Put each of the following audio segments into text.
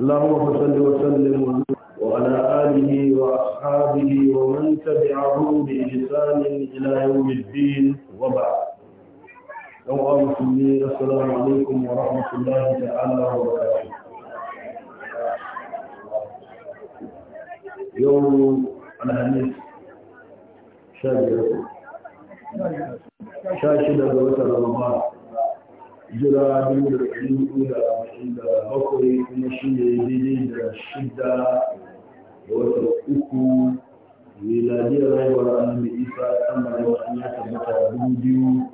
اللهم صل وسلم وعلى آله وأصحابه ومن تبعهم بإحسان إلى يوم الدين وبعد يوم المسلمين السلام عليكم ورحمة الله تعالى وبركاته يوم الخميس شاشدة شاشدة رمضان jira dubu da ɗari hudu da arba'in da bakwai kuma shi ne daidai da shida da wata uku miladiyar rayuwar annabi isa ɗan bayan an ya tabbata dubu biyu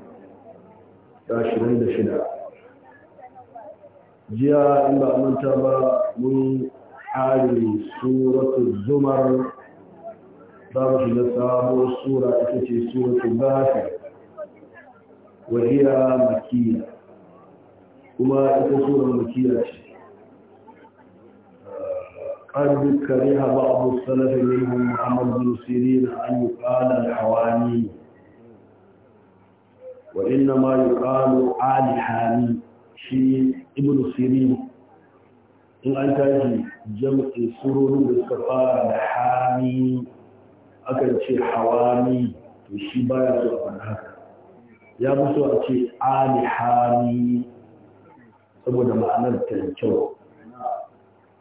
da ashirin da shida jiya in ba manta ba mun ƙare suratul zumar za mu shiga sabuwar sura ita ce suratul bafi wa iya makiyya kuma ita suran makiya ce kan dukkanin haɓa abu salafin yin muhammad bin siri an yi hawani wa inna ma yi ali shi ibn siri in an taji jam'i surorin da suka fara da hali akan ce hawani to shi baya so a haka ya fi so a ce ali saboda ma'anar ta kyau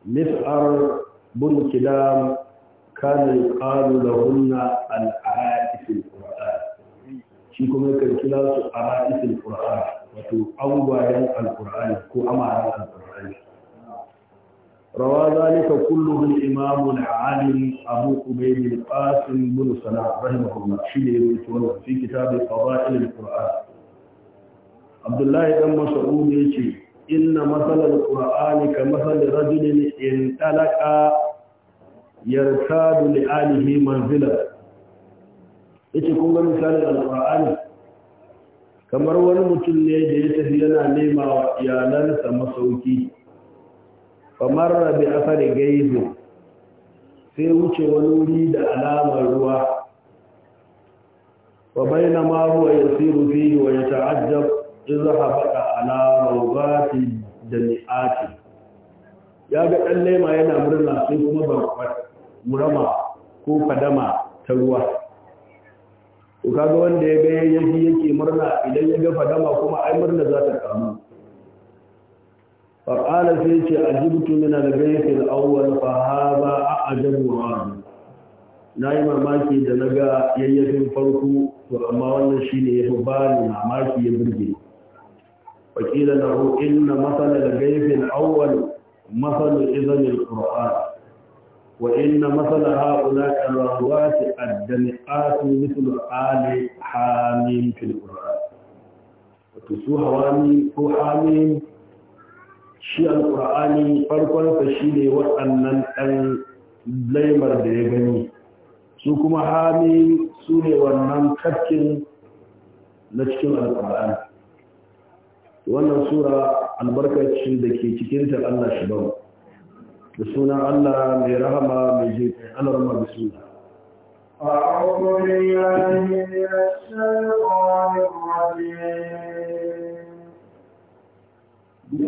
mis'ar bin kidam kana yuqalu lahunna al-a'atif shi kuma kan kila su a'atif al wato angwayen al ko amaran al kullum روى ذلك كله الإمام العالم أبو عبيد القاسم بن صلاح رحمه الله شيء في كتاب فضائل القرآن عبد الله بن مسعود يقول inna masalar ƙura'ani ka masalar rajulin in talaka yarkadu li alihi manzilar yace kun misalin alƙur'ani kamar wani mutum ne da ya tafi yana nema wa iyalansa masauki kamar rabi asari gaizu sai wuce wani wuri da alamar ruwa wa bainama huwa yasiru fihi wa yata'ajjab iza baka ala raubati da ya ga dan lema yana murna sai kuma ba murama ko fadama ta ruwa to kaga wanda ya ga yaji yake murna idan ya ga fadama kuma ai murna za ta fa qala sai ce ajibtu min al al awwal fa hadha a'jabu rabbi na yi mamaki da naga ga yayyafin farko to amma wannan shine ya fi ba mamaki ya ni وقيل له إن مثل الغيث الأول مثل إذن القرآن وإن مثل هؤلاء الرهوات الدمئات مثل آل حاميم في القرآن وتسو حواميم أو حاميم شيء القرآن فرقا فشيني وأنن أن laimar da ya gani su kuma hami su ne wannan tafkin na cikin alƙur'ani wannan sura albarkacin da ke cikinta Allah shi bamu da suna Allah mai rahama mai jin alarma da suna أعوذ بالله من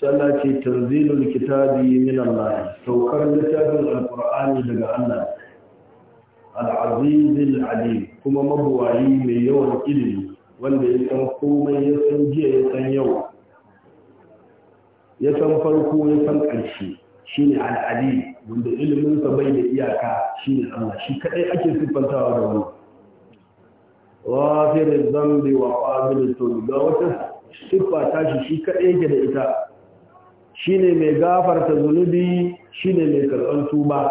sallah ce tanzilul kitabi min Allah saukar littafin alqur'ani daga Allah al al alim kuma mabuwayi mai yawan ilimi wanda ya san komai ya san jiya ya san yau ya san farko ya san ƙarshe shine al-alim wanda ilimin sa bai da iyaka shine Allah shi kadai ake siffantawa da wannan ghafirul dhanbi wa qabilul tawb wata siffa tashi shi kadai yake da ita shine mai gafarta zunubi shine mai karɓar tuba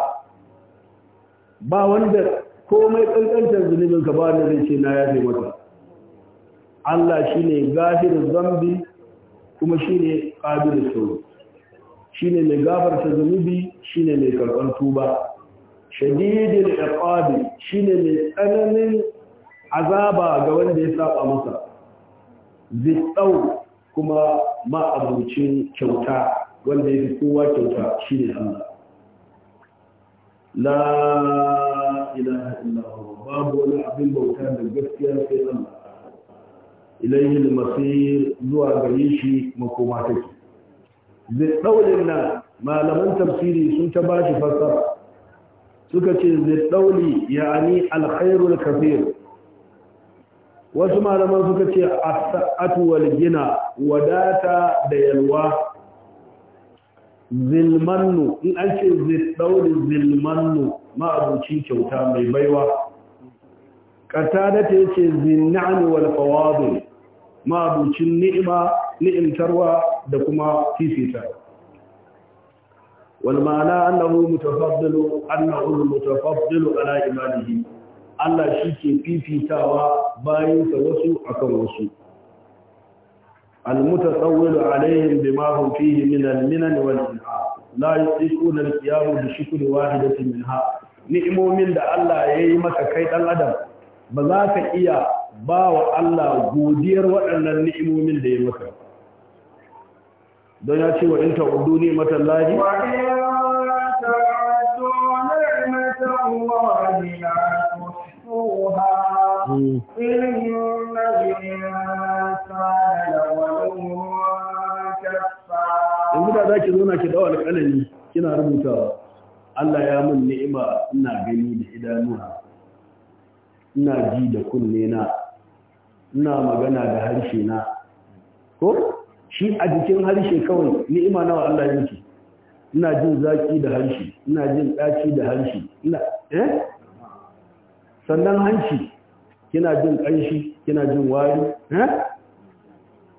ba wanda komai ƙanƙantar zunubin ka ba wanda zai ce na yafe mata Allah shine da zambi kuma shine qabilu tawb shine mai gafarta zunubi shine mai karɓar tuba shadidul shi shine mai tsananin azaba ga wanda ya saba masa tsawo kuma ma abincin kyauta wanda ya fi kowa kyauta shi ne Allah. La ilaha illallah, babu wani abin bauta da gaskiya sai Allah. al masir zuwa gare shi makoma take. Zai ɗaunin nan malaman tafsiri sun ta ba shi fassara. Suka ce zai ɗauli ya'ani alkhairul kafir wasu malaman suka ce as gina wadata da yalwa zilmannu in an ce ziddauri zilmannu ma'abuci kyauta mai baiwa qatada ta yace zinna'an wal ma'abucin ni'ima ni'imtarwa da kuma fifita. wal ma'ana annahu mutafaddalu annahu mutafaddalu ala imanihi Allah shi ke fifitawa bayinsa wasu akan wasu المتطول عليهم بما هم فيه من المنن والإنعام لا يطيقون القيام بشكل واحدة Minha. ni'imomin da Allah ya yi maka kai ɗan adam ba za ka iya ba wa Allah godiyar waɗannan ni'imomin da ya maka don ya ce wa in ta ni matan ni يكفوها إن الإنسان لظلوم كفار إن كده ذاك زونا كده أول القلمي kina rubutawa Allah ya mun ni'ima ina gani da idanuwa ina ji da kunne na ina magana da harshe na ko shi a jikin harshe kawai ni'ima nawa Allah yake ina jin zaki da harshe ina jin daci da harshe ina eh sannan hanci kina jin ƙanshi kina jin wari eh?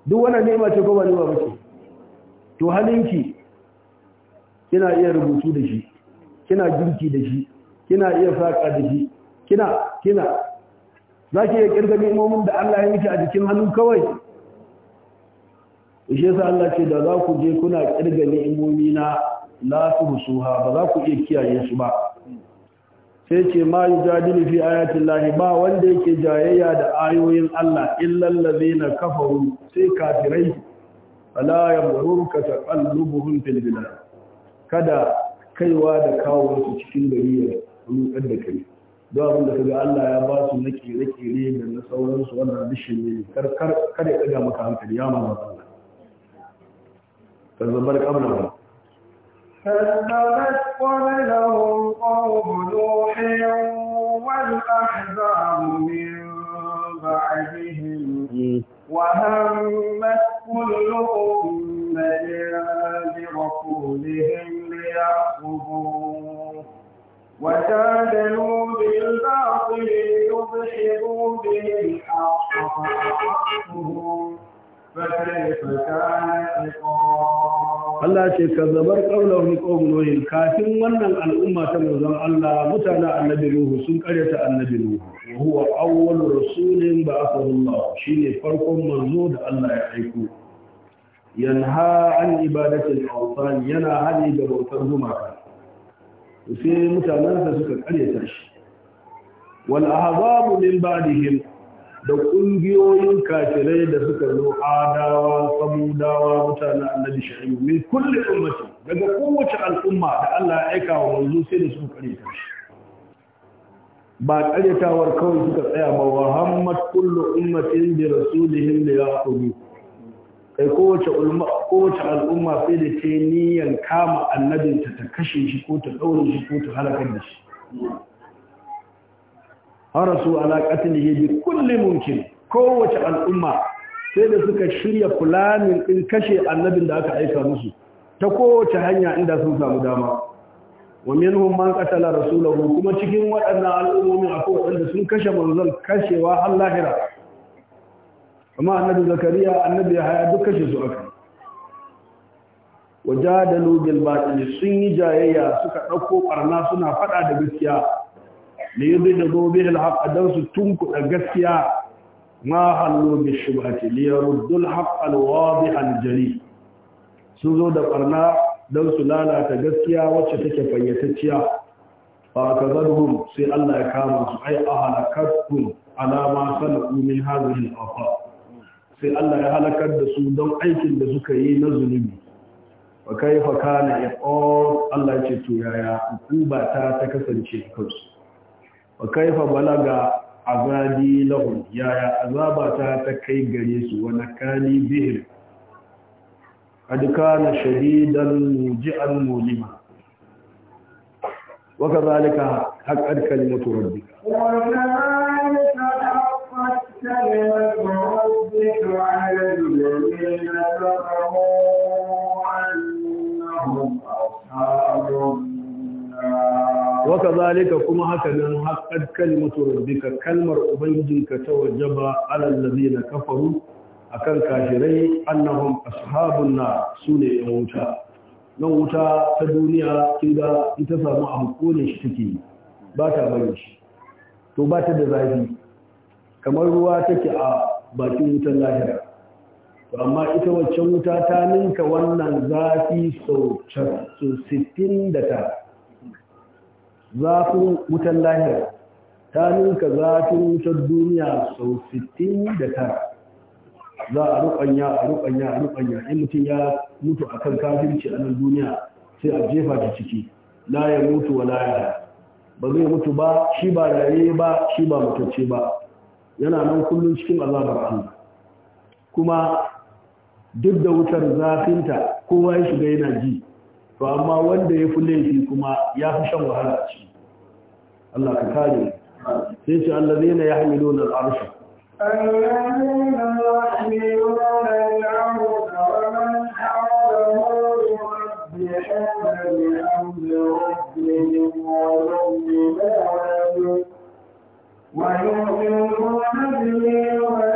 duk wannan nema ce ko ba nema ba ce to halinki kina iya rubutu da shi kina girki da shi kina iya saƙa da shi kina kina za ki iya ƙirga nemomin da Allah ya miki a jikin hannu kawai ishe sa Allah ce da za ku je kuna ƙirga ni'imomi na la su ba za ku iya kiyaye su ba sai ce ma yujadilu fi ayatun lahi ba wanda yake jayayya da ayoyin Allah na na kafaru sai kafirai fala yamurruka taqallubuhum fil filbina kada kaiwa da kawo cikin gari ya rukar da kai don abin da ga Allah ya ba su na kere-kere da na sauransu wannan dishin ne kar ya ɗaga maka hankali ya mamata Allah ka zabar كذبت قبلهم قوم نوح والأحزاب من بعدهم وهمت كل أمة برسولهم ليأخذوه وجادلوا بالباطل ليضحكوا به الحق فكيف كان عقاب Allah ce ka zabar ƙaunar ƙaunoyin kafin wannan al'umma ta manzon Allah mutanen annabi Nuhu sun karyata annabi Nuhu wa huwa awwal rasulin ba shi ne farkon manzo da Allah ya aiko yanha an ibadatil awsan yana haɗi da bautar gumaka sai mutanen suka karyata shi wal ahzabu min ba'dihim da ƙungiyoyin kafirai da suka zo adawa samudawa mutanen annabi shari'u min kulli ummati daga kowace al'umma da Allah ya aika wa manzo sai da suka kare ta ba karetawar kawai suka tsaya ba wa hammat kullu ummatin bi rasulihim li yaqulu kai kowace ulma kowace al'umma sai da ta niyyar kama annabinta ta kashe shi ko ta daure shi ko ta halaka da shi harasu ala qatlihi bi kulle mulkin kowace al'umma sai da suka shirya fulanin ɗin kashe annabin da aka aika musu ta kowace hanya inda sun samu dama wa minhum man ƙatala rasulahu kuma cikin waɗannan al'ummomin akwai da sun kashe manzan kashewa har lahira amma annabi zakariya annabi yahaya duk kashe su aka wajadalu bil batil sun yi jayayya suka ɗauko barna suna faɗa da gaskiya da yi da alhaƙa don su tunkuɗa gaskiya ma hallo bi shubhati li yaruddu alhaq alwadi aljali sun zo da barna don su lalata gaskiya wacce take fayyatacciya fa kazarhum sai Allah ya kama su ai ahalakatkum ala ma sanqu min hadhihi al sai Allah ya halakar da su don aikin da suka yi na zunubi wa kaifa kana iqab Allah ya ce to yaya hukuma ta ta kasance kansu wa kaifa balaga azadi lahum yaya azaba ta ta kai gare su wa nakali bihim qad kana shadidan muji'an mulima wa kadhalika haqqat kalimatu rabbika wa waka zalika kuma haka nan haƙar kalmatu rabbika kalmar ubangijinka ta ba alal ladina kafaru akan kafirai annahum ashabun na sune yan wuta nan wuta ta duniya kin ga ita samu abu kone shi take ba ta bane shi to ba ta da zafi kamar ruwa take a bakin wutan lahira to amma ita waccan wuta ta ninka wannan zafi sau 69 zafin wutan lahira ta ninka zafin wutar duniya sau da tara. za a rukanya a rukanya a rukanya in mutum ya mutu a kan kafirci a nan duniya sai a jefa ta ciki la ya mutu wa la ya ba zai mutu ba shi ba raye ba shi ba mutacce ba yana nan kullum cikin azabar Allah kuma duk da wutar zafinta kowa ya shiga yana ji to amma wanda ya fi laifi kuma ya fi shan wahala ci ciki Allah ka kare sai ce allazina yahmiluna al-arsha allazina yahmiluna al wa man wa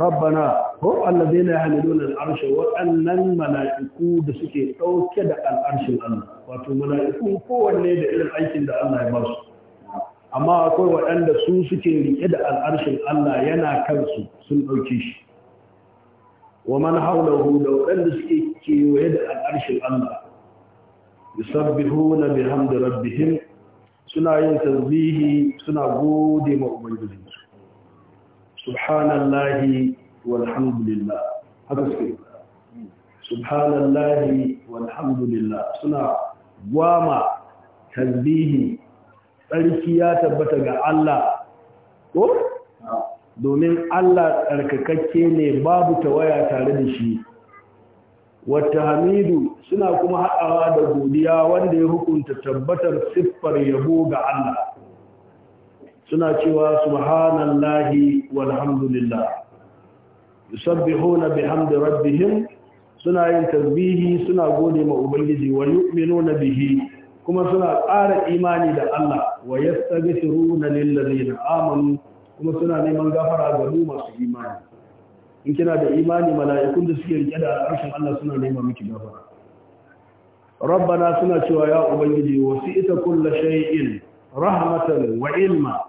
rabbana ko allazina yahmiluna al'arsha waɗannan mala'iku da suke ɗauke da al'arshin Allah wato mala'iku kowanne da irin aikin da Allah ya ba su amma akwai waɗanda su suke rike da al'arshin Allah yana kansu sun ɗauke shi wa man haulahu da waɗanda suke kewaye da al'arshin Allah yusabbihuna bihamdi rabbihim suna yin tasbihi suna gode ma ubangijinsu subhanallahi walhamdulillah haka suke subhanallahi walhamdulillah suna gwama tasbihi tsarki ya tabbata ga Allah ko domin Allah tsarkakakke ne babu tawaya tare da shi wata hamidu suna kuma haɗawa da godiya wanda ya hukunta tabbatar siffar yabo ga Allah suna cewa subhanallahi walhamdulillah yusabbihuna bihamdi rabbihim suna yin tasbihi suna gode ma ubangiji wa yu'minuna bihi kuma suna ƙara imani da Allah wa yastaghfiruna lil ladina amanu kuma suna neman gafara ga mu masu imani in kina da imani mala'ikun da suke rike da al'arshin Allah suna neman miki gafara rabbana suna cewa ya ubangiji wasi'ita kulli shay'in rahmatan wa ilma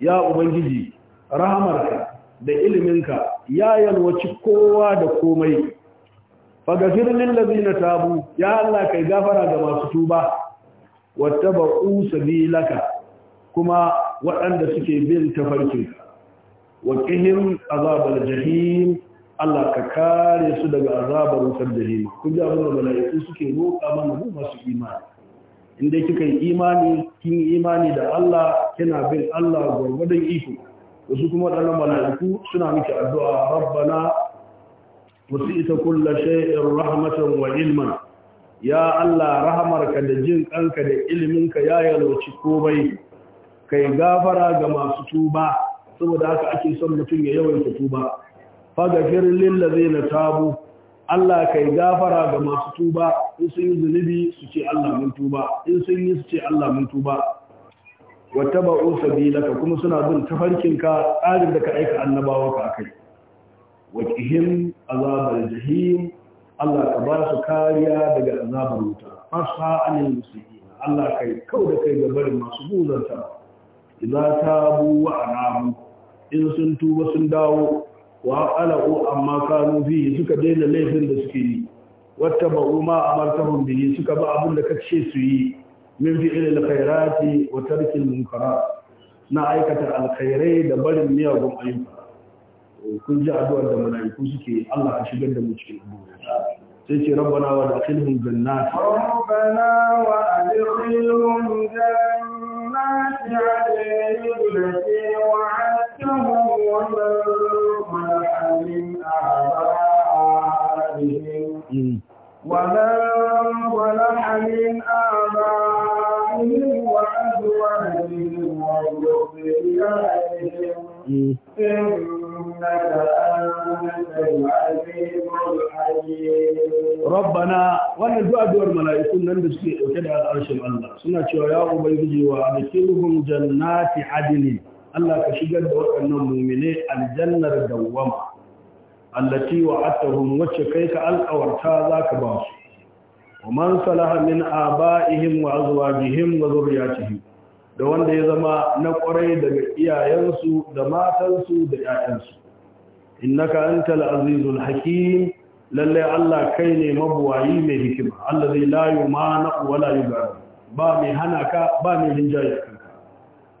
ya ubangiji rahamarka da iliminka ya yalwaci kowa da komai fagafir lillazina tabu ya Allah kai gafara ga masu tuba wattaba'u sabilaka kuma waɗanda suke bin tafarkin wa qihim azabal jahim Allah ka kare su daga azabar wutar jahim kun ji abin da mala'iku suke roƙa mana mu masu imani in kika yi imani kin yi imani da Allah kina bin Allah gwargwadon iko wasu kuma waɗannan mala'iku suna miki addu'a rabbana wasi'ta kullu shay'in rahmatan wa ilman ya Allah rahamarka da jin kanka da iliminka ya yalwaci komai kai gafara ga masu tuba saboda haka ake son mutum ya yawaita tuba faghfir lil ladzina tabu Allah kai gafara ga masu tuba in sun yi zunubi su ce Allah mun tuba in sun yi su ce Allah mun tuba wattaba'u sabilaka kuma suna bin tafarkinka tsarin da ka aika annabawa ka kai wa wajihim azabar jahim Allah ka ba su kariya daga azabar wuta fasha anil muslimin Allah kai kau da kai ga barin masu buzanta idza tabu wa anamu in sun tuba sun dawo wa qalahu amma kanu fi suka daina laifin da suke yi wata ba'u ma amartahum bihi suka ba abin da kace su yi min fi'il alkhairati wa tarki almunkarat na aikata alkhairai da barin miyagun ayyuka kun ji addu'ar da malaiku suke Allah ka shigar da mu cikin abubuwa. sai ce rabbana wa adkhilhum jannati rabbana wa adkhilhum jannati جنات عدن التي وعدتهم ومن صلح من آبائهم ومن صلح من آبائهم وأزواجهم وذرياتهم إنك أنت العزيز الحكيم rabbana wannan du'a duwar mala'ikun nan da suke dauke da harshen Allah suna cewa ya ubangiji wa adkhilhum jannati adnin Allah ka shigar da waɗannan mu'mine aljannar dawwama allati wa'atahum wacce kai ka alƙawarta zaka ba su wa man salaha min aba'ihim wa azwajihim wa dhurriyyatihim da wanda ya zama na ƙwarai daga iyayensu da matansu da ƴaƴansu innaka antal azizul hakim lallai Allah kai ne mabuwayi mai hikima allazi la yumana wala yubara ba mai hana ka ba mai linjaye kanka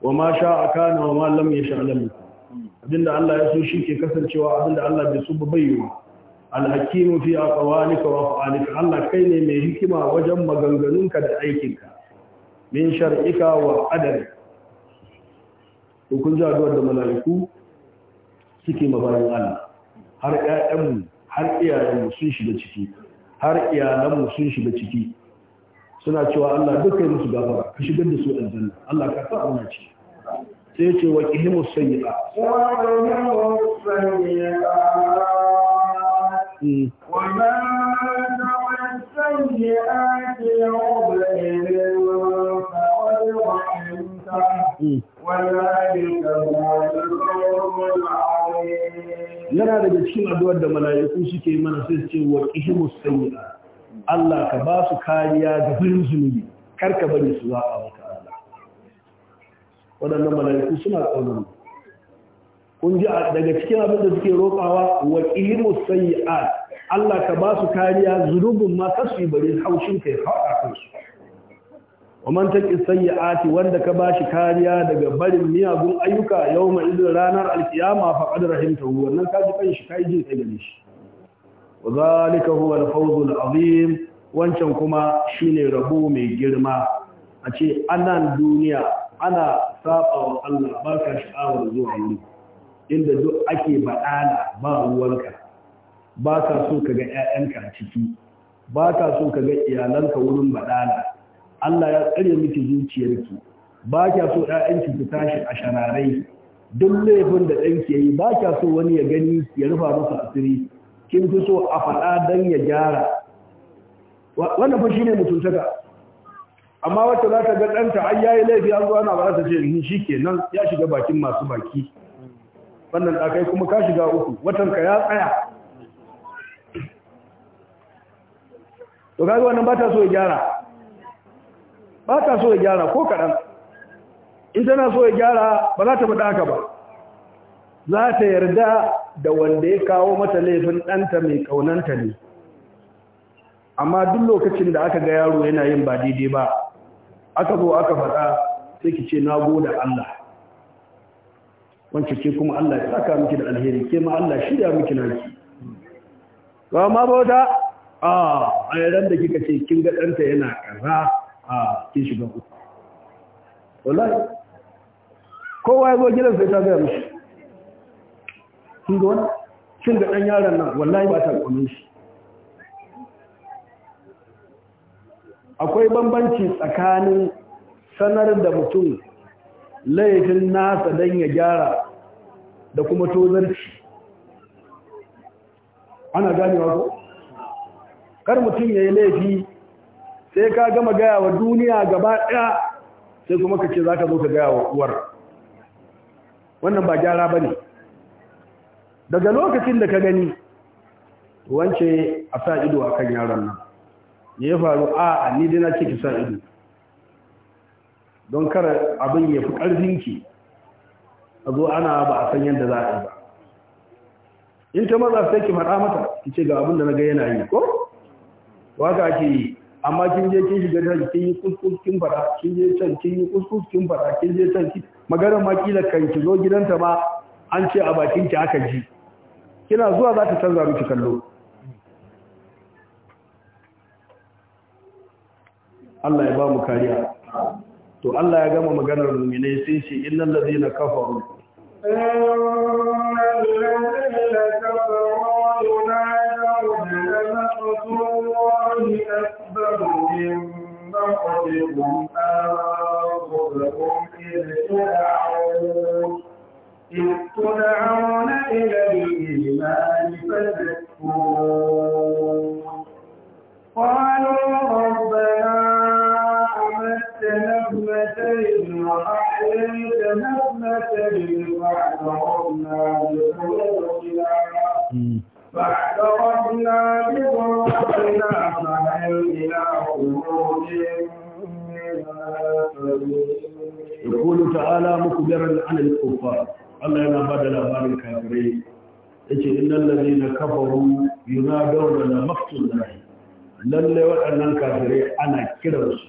wa ma sha'a kana wa ma lam yasha abinda Allah ya so shi ke kasancewa abinda Allah bai so ba bayyana alhakimu fi aqwalika wa af'alika Allah kai ne mai hikima wajen maganganunka da aikinka min shar'ika wa qadari hukun addu'ar da malaiku suke mabayin Allah har ƴaƴanmu har iyayenmu sun shiga ciki har iyalanmu sun shiga ciki suna cewa Allah duka yi musu gafara ka shigar da su aljanna Allah ka sa Allah ce sai ya ce wa qihimus sayyi'a wa yana daga cikin addu'ar da mala'iku suke mana sai ce wa qihimus sayyi'a Allah ka ba su kariya ga birin zunubi kar ka bari su a wata Allah waɗannan mala'iku suna kaunar kun ji daga cikin abin da suke roƙawa wa qihimus sayyi'a Allah ka ba su kariya zunubin ma kasu bari haushin kai fa'a kansu wa man taqi sayyi'ati wanda ka bashi kariya daga barin miyagun ayyuka yau yawma idin ranar alkiyama fa qad rahimtahu wannan ka ji kanshi kai ji sai gare shi wa zalika huwa al azim wancan kuma shine rabo mai girma a ce anan duniya ana saba wa Allah baka sha'awar zuwa wuri inda duk ake bada ba ruwanka ba ka so ka ga 'ya'yanka ciki ba ka so ka ga iyalanka wurin baɗala Allah ya tsare miki zuciyarki ba kya so ɗayanki ki tashi a shararai duk laifin da ɗanki yayi ba kya so wani ya gani ya rufa masa asiri kin fi so a faɗa dan ya gyara wannan fa shine mutuntaka amma wacce za ta ga ɗanta ai yayi laifi an zo ana ba ta ce shi kenan ya shiga bakin masu baki wannan kai kuma ka shiga uku watan ka ya tsaya to kaga wannan ba ta so ya gyara ba ta so ya gyara ko kaɗan in tana so ya gyara ba za ta faɗa haka ba za ta yarda da wanda ya kawo mata laifin ɗanta mai ƙaunanta ne amma duk lokacin da aka ga yaro yana yin ba daidai ba aka zo aka faɗa sai ki ce na gode Allah wancan ke kuma Allah ya saka miki da alheri ke ma Allah shirya miki naki ba ma bauta a ah, ayyaran da kika ce kin ga ɗanta yana kaza a kin shiga ku wallahi kowa ya zo gidan sai ta gaya mishi kin ga wani kin ga dan yaron nan wallahi ba ta kwamin shi akwai bambanci tsakanin sanar da mutum laifin nasa don ya gyara da kuma tozarci ana ganewa ko kar mutum ya yi laifi sai ka gama gaya wa duniya gaba ɗaya sai kuma ka ce za ka zo ka gaya wa uwar wannan ba gyara ba ne daga lokacin da ka gani wance a sa ido a kan yaron nan ya faru a ni dai na ce ki sa ido don kara abin ya fi ƙarfinki a zo ana ba a san yadda za a yi ba in ta maza sai ki faɗa mata ki ce ga abin da na ga yana yi ko waka ake yi amma kin je kin shiga da kin yi kuskus kin fara kin je can kin yi kuskus kin fara kin je can kin magana ma kila kan ki zo gidanta ma an ce a bakin ki aka ji kina zuwa za ta canza miki kallo Allah ya ba mu kariya to Allah ya gama maganar mu'minai sai ce innal ladina kafaru innal ladina kafaru مقت الله أكبر من مقتكم أنفسكم إذ تدعون إذ تدعون إلى الإيمان فتكفرون قالوا ربنا أمتنا ابنتين وأحييتنا ابنتين فاعترفنا بذنوبنا فاعترفنا بغرفتنا فهل إلى خروج يقول تعالى مخبرا عن الكفار الله ينا بدل بار na yace innal lalle waɗannan kafirai ana kiransu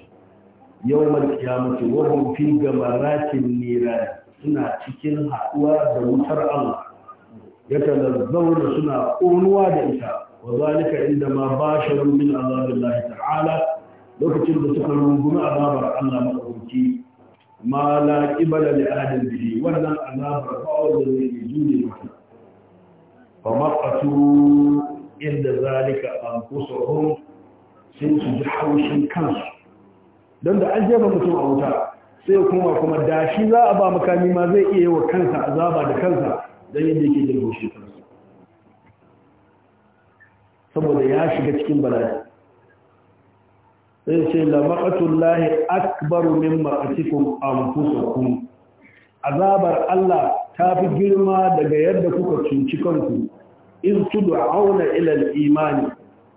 yawmal qiyamati wa hum fi gamaratin nira suna cikin haɗuwa da wutar Allah yatanazzawna suna ƙonuwa da ita wa zalika inda ma basharu min azabillahi ta'ala lokacin da suka rungumi azabar Allah maɗauki ma la ƙibala da adin bihi wannan azabar ba'awar da zai yi jure mata fa maƙatu inda zalika an sun su ji haushin kansu don da an jefa mutum a wuta sai kuma kuma da shi za a ba makami ma zai iya yi wa kansa azaba da kansa don yadda yake jin haushin saboda ya shiga cikin bala'i sai ce la maqatullahi akbaru min maqatikum anfusakum azabar Allah tafi girma daga yadda kuka cinci kanku in tud'auna ila al-iman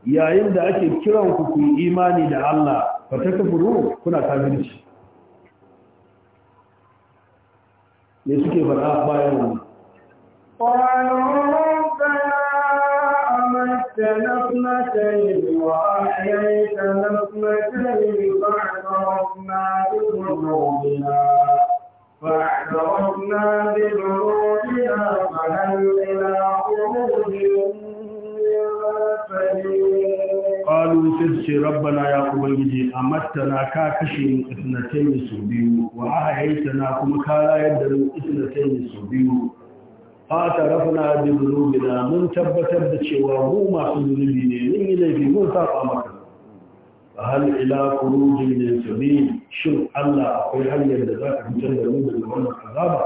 yayin da ake kiran ku ku imani da Allah fa takfuru kuna kafirci ne suke fara bayan قالوا ربنا أمتنا اثنتين وأحييتنا اثنتين فاعترفنا بذنوبنا فاعترفنا بذنوبنا فهل إلى خروج قالوا سيدي ربنا يا ubangiji amattana ka kashe mu isnatayn su biyu wa ahaytana kuma ka rayar da mu isnatayn su biyu atarafna bi dhunubina mun tabbatar da cewa mu masu zunubi ne mun yi laifi mun saba maka hal ila khurujin min sabil shin Allah akwai hanyar da za ka fitar da mu daga wannan azaba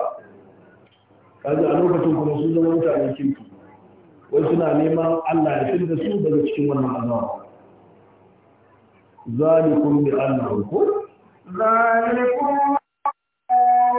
kaga a lokacin kuma sun zama mutane kirki wai suna neman Allah ya fitar da su daga cikin wannan azaba zalikum bi annahu zalikum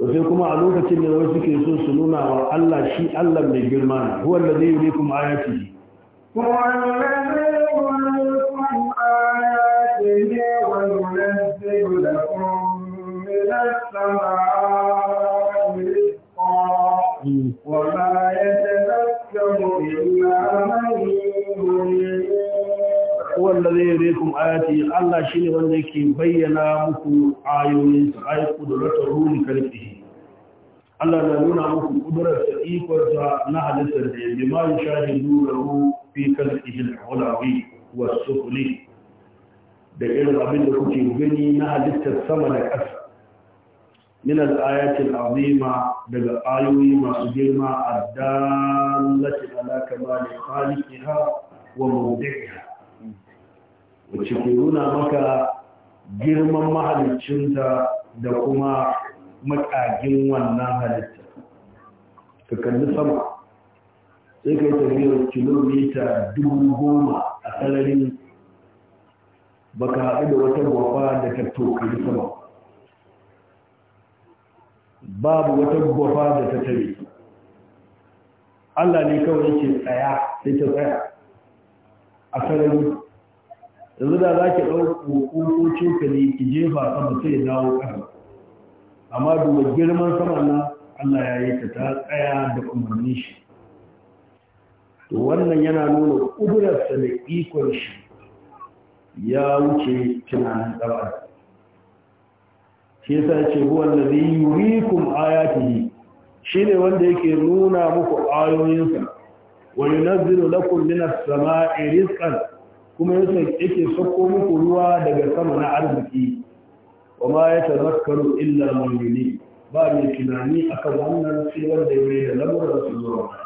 to sai kuma a lokacin da wasu suke so su nuna wa Allah shi Allah mai girma ne huwa allazi yuriikum ayatihi huwa allazi yuriikum ayatihi wa yunzilu lakum huwa allazi yuriikum ayati Allah shine wanda yake bayyana muku ayoyin sa ay qudratu ruhi kalbihi Allah na nuna muku qudrar sa sa na halittar da bi ma yashahidu lahu fi kalbihi al-ulawi was-sufli da irin abin da kuke gani na halittar sama da ƙasa min al-ayati al-azima daga ayoyi masu girma addallati ala kamali khaliqiha wa mawdi'iha wacce ke nuna maka girman mahalicinta da kuma makagin wannan halitta ka kalli sama sai ka yi tafiyar kilomita dubu goma a sararin baka haɗu da wata gwafa da ta tokali sama babu wata gwafa da ta tare Allah ne kawai yake tsaya sai ta tsaya a sarari yanzu da za ki ɗau ko cokali ki jefa sama sai dawo ƙasa amma duba girman sama na, Allah ya yi ta ta tsaya da umarnin shi to wannan yana nuna ƙudurarsa da ikon shi ya wuce tunanin tsara shi yasa ce huwan da zai yurikum ayatihi shi ne wanda yake nuna muku ayoyinsa wani na lakum minas sama'i rizqan kuma yake sako muku ruwa daga sama na arziki wa ma ya tazakkaru illa man ba mai tunani akan wannan sai wanda ya mai da lamuran su zuwa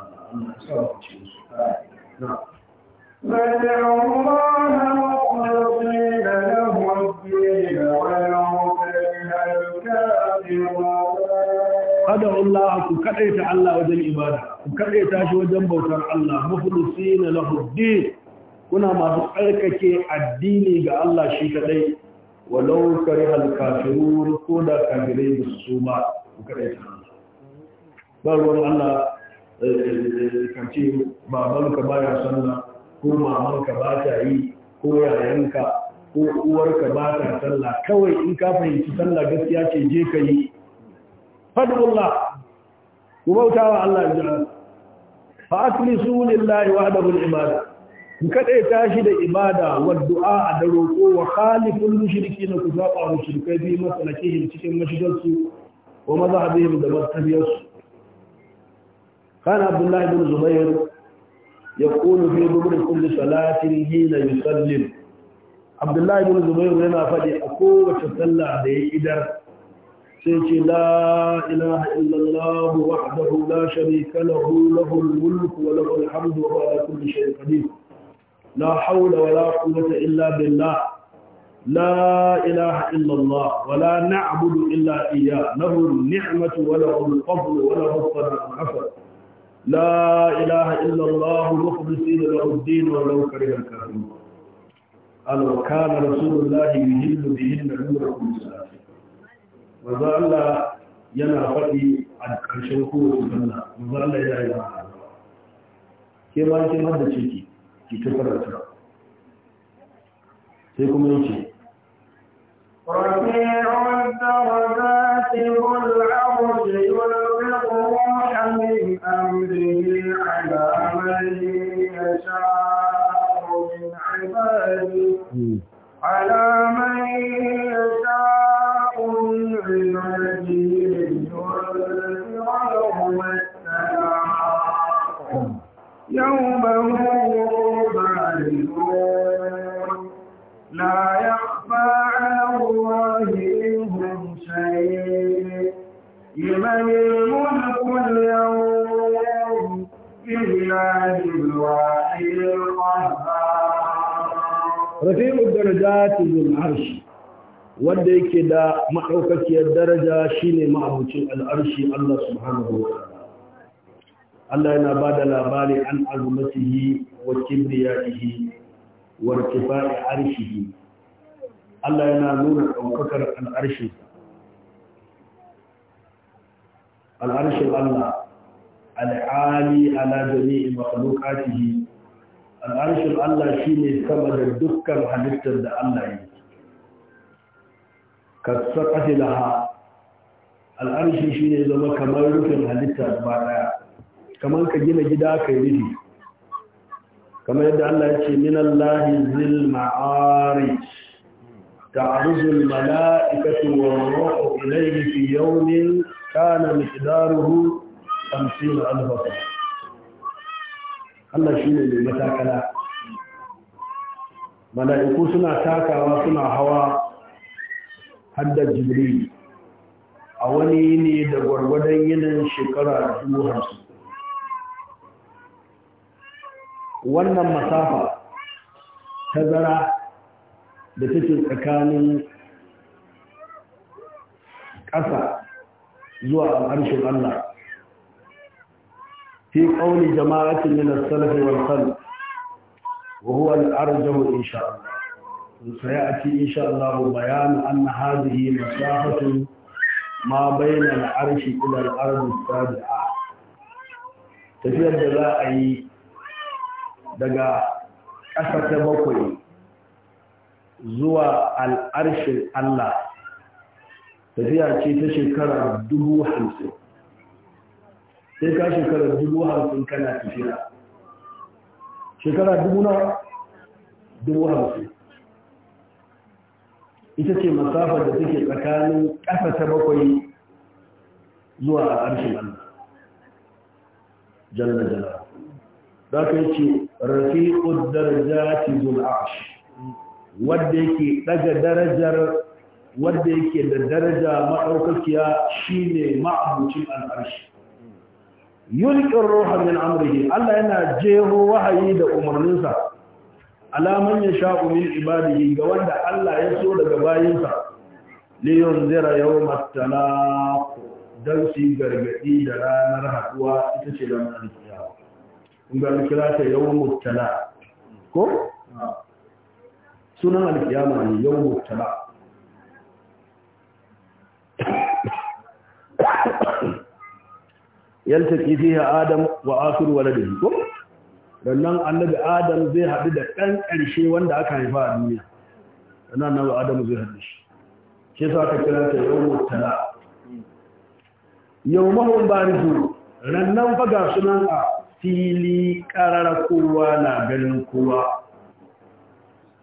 Allah ya Allah ku kadaita Allah wajen ibada ku kadaita shi wajen bautar Allah mukhlisina na ddin kuna masu tsarkake addini ga Allah shi kadai walau karihal kafirun ko da kafirai ba su ba ku kadai ta ba ruwan Allah eh, eh, eh, ka ce babanka ya sallah ko mamanka ba ta yi ko yayanka ko uwarka ba ta sallah kawai in ka fahimci sallah gaskiya ce je ka yi fadullah ku bauta wa Allah ji fa aslisu lillahi wa adabul ibadah kaɗai tashi da ibada wa du'a a da roƙo wa khaliful mushriki na ku zaɓa mushrikai bi masalakihim cikin mashigarsu wa mazhabihim da martabiyarsu kana abdullahi bin zubair ya في fi كل kulli حين hina yusallim Abdullahi bin zubair yana faɗi a kowace sallah da ya idar sai ce la ilaha illallah wahdahu la sharika lahu lahul mulku wa lahul hamdu wa ala kulli shay'in qadir لا حول ولا قوة إلا بالله لا إله إلا الله ولا نعبد إلا إياه له النعمة وله الفضل وله الصلاة والعفو لا إله إلا الله مخلصين له الدين ولو كره الكافرون قال وكان رسول الله يهل بهن عمركم سلاسل وذا الله yana faɗi a ƙarshen kowace sallah manzo Allah ya yi ba ke ba ke da ciki kitar karatura sai kuma yake Ala mai يعلمون لا يخفى على الله منهم شيء لمن الملك اليوم لله الواحد القهار رفيع الدرجات ذو العرش wanda yake da ma'aukaciyar daraja shine ma'aucin al'arshi Allah subhanahu wa ta'ala Allah yana ba da labari an azumatihi wa kibriyaihi wartifa'i arshihi Allah yana nuna daukakar al'arshin al'arshin Allah al'ali ala jami'i makhluqatihi al'arshin Allah shi ne sama da dukkan halittar da Allah ya yi kasaqati laha al'arshi ne zama kamar rufin halitta ba daya kamar ka gina gida kai rufi kamar yadda Allah ya ce minallahi zil ma'arij ta'ruzu al mala'ikatu wan ruhu ilayhi fi yawmin kana miqdaruhu 50 alf sana Allah shine mai matakala mala'iku suna takawa suna hawa hadda jibril a wani ne da gwargwadon yinin shekara 50 wannan masafa tazara da take tsakanin ƙasa zuwa harshen Allah fi ƙauni jama'atin min as-salafi wal khalf wa huwa al-arjahu insha Allah sayati insha Allah bayan anna hadhihi masafatu ma bayna al-arshi ila al-ardi as-sabi'a tafiyar da za a yi daga ƙasa ta bakwai zuwa al'arshin Allah tafiya ce ta shekara dubu hamsin sai ka shekara dubu hamsin kana tafiya shekara dubu na dubu hamsin ita ce masafar da take tsakanin ƙasa ta bakwai zuwa al'arshin Allah jalla jalla za ka yi ce rafiqud darajati zul arsh wanda yake daga darajar wanda yake da daraja madaukakiya shine ma'abucin al'arshi yulqir ruha min amrihi Allah yana jeho wahayi da umarninsa alaman yasha'u min ibadihi ga wanda Allah ya so daga bayinsa liyon zira yawmat talaq dan su gargadi da ranar haduwa ita ce ranar inda an kira ta yawon mutala ko ah. sunan alkiyama ne yawon mubtala yaltaki fiha adam wa akhir waladihi ko nan annabi adam zai haɗu da ɗan ƙarshe wanda aka haifa a duniya nan annabi adam zai haɗu shi shi sa aka kira ta yau mutala hmm. yau mahun barizu rannan ga sunan a fili ƙarar kowa na ganin kowa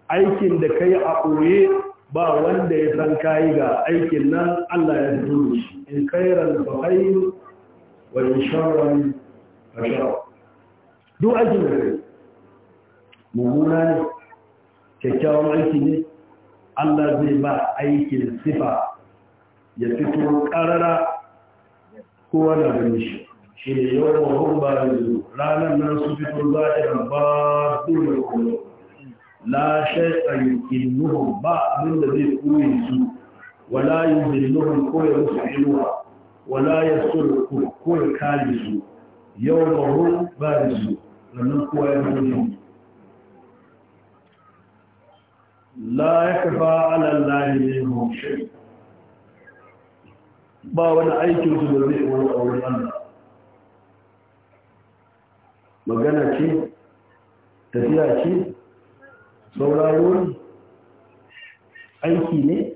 aikin da kai a ɓoye ba wanda ya san kayi ga aikin nan Allah ya zuru shi in kairan da kai wa in sharran shawar. duk aikin da kai mummuna ne kyakkyawan aiki ne Allah zai ba aikin sifa ya fito ƙarara kowa na ganin shi shi yau wa hun ba yanzu ranar nan su fito za'iran ba da kuma la shai a yankin nuhun ba abin da zai koyi su wala yin zilluhun ko ya musu inuwa wala ya sur ko ya kare su yau wa hun ba yanzu ranar kuwa ya mutu la ya kafa alallahi ne hun shi ba wani aikinsu da zai wani a wurin Allah magana ce tafiya ce sauraro aiki ne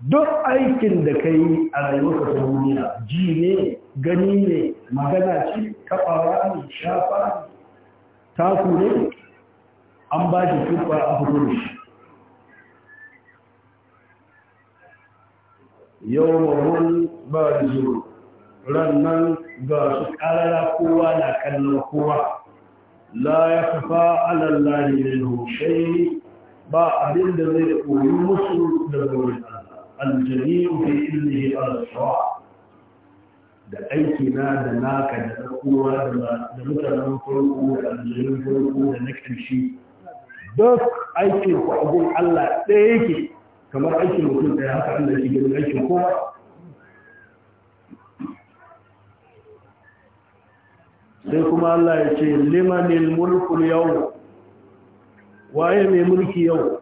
duk aikin da ka yi a rayuwarka ta duniya ji ne gani ne magana ce kafawa ne shafa ne taku ne an ba shi a fito da shi yau ba da zuru rannan ga su ƙarara kowa na kallon kowa la ya kafa alallahi minhu shay ba abin da zai koyi musu da gurin aljami'u fi ilmihi al da aiki na da naka da kowa da mutanen farko da aljami'u farko da na ƙarshe duk aikin ku abin Allah ɗaya yake kamar aikin mutum ɗaya haka Allah yake ganin aikin kowa sai kuma Allah ya ce limanil mulkul yau waye mai mulki yau